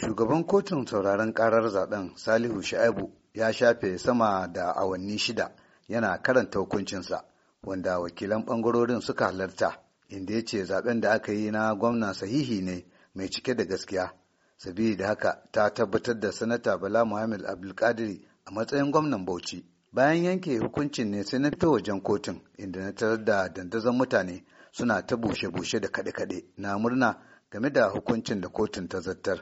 Shugaban kotun sauraron karar zaɓen Salihu Sha'ibu ya shafe sama da awanni shida yana karanta hukuncinsa wanda wakilan bangarorin suka halarta inda ya ce zaben da aka yi na gwamna sahihi ne mai cike da gaskiya. da haka ta tabbatar da sanata Bala Muhammad Abdulkadiri a matsayin gwamnan Bauchi. Bayan yanke hukuncin ne sai na fito wajen kotun inda na tarar da dandazon mutane suna ta bushe-bushe da kaɗe-kaɗe na murna game da hukuncin da kotun ta zartar.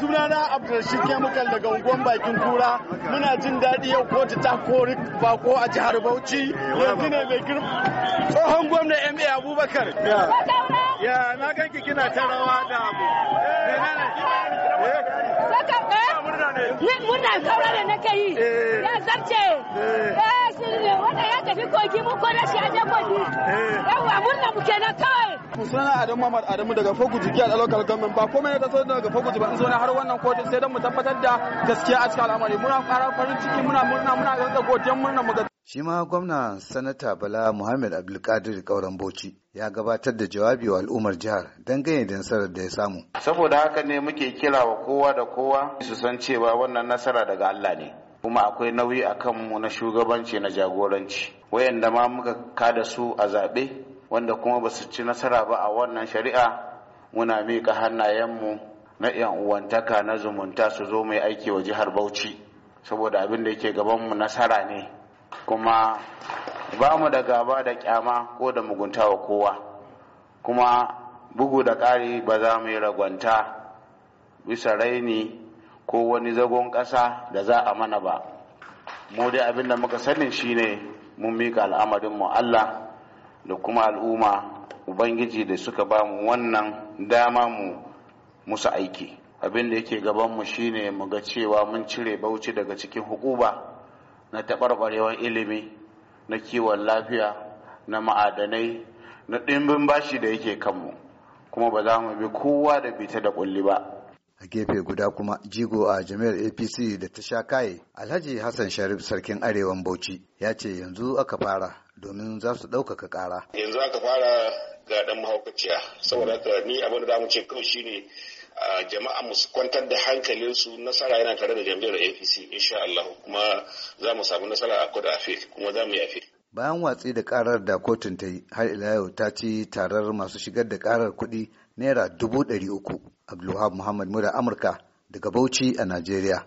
sunana abdulrashid kemikal daga unguwan bakin kura muna jin daɗi yau kotu ta kori bako a jihar bauchi eh, yanzu ne mai girma tsohon gwamna ma abubakar Ya na ganki kina ta rawa da abu. Eh, eh, eh. Murna kaura da nake yi. Ya zarce. Eh shi ne wanda ya tafi kogi mu ko da shi a aje kogi. Yawwa murna mu kenan kawai. sunana Adamu Muhammad Adamu daga Foguji Giyar a local government ba komai ta so daga Foguji ba in zo na har wannan kotun sai don mu tabbatar da gaskiya a cikin al'amari muna fara farin ciki muna murna muna ga godiyar murna mu Shi ma gwamna Sanata Bala Muhammad Abdulkadir Kauran Bauchi ya gabatar da jawabi wa al'ummar jihar dangane da nasarar da ya samu. Saboda haka ne muke kira wa kowa da kowa su san cewa wannan nasara daga Allah ne. Kuma akwai nauyi a kanmu na shugabanci na jagoranci. Wayanda ma muka kada su a zaɓe wanda kuma ba su ci nasara ba a wannan shari'a muna miƙa hannayenmu na 'yan uwantaka na zumunta su zo mai aiki wa jihar Bauchi. Saboda abin da yake gabanmu nasara ne. kuma ba mu da gaba da kyama ko da mugunta wa kowa kuma bugu da ƙari ba za mu yi ragwanta bisa raini ko wani zagon ƙasa da za a mana ba mu dai abin da muka sanin shine mun mika al'amarin mu Allah da kuma al'umma ubangiji da suka ba mu wannan dama mu musu aiki abin da yake gaban mu shine muga cewa mun cire bauchi daga cikin hukuba na taɓarɓarewar ilimi na kiwon lafiya na ma'adanai na ɗimbin bashi da yake kanmu kuma ba za mu bi kowa da bita da ƙulli ba. a gefe guda kuma jigo a jami'ar apc da ta sha kaye alhaji hassan sharif sarkin arewan bauchi ya ce yanzu aka fara domin za su ɗaukaka ƙara yanzu aka fara ga ɗan mahaukaciya saboda ni abin da za mu ce kawai shine jama'a mu kwantar da hankalinsu nasara yana tare da jam'iyyar apc insha Allah kuma za mu samu nasara a kudu afe kuma za mu yi bayan watsi da karar da kotun ta yi har ila yau ta ci tarar masu shigar da karar kuɗi naira dubu ɗari uku abdulwahab muhammad mura amurka daga bauchi a najeriya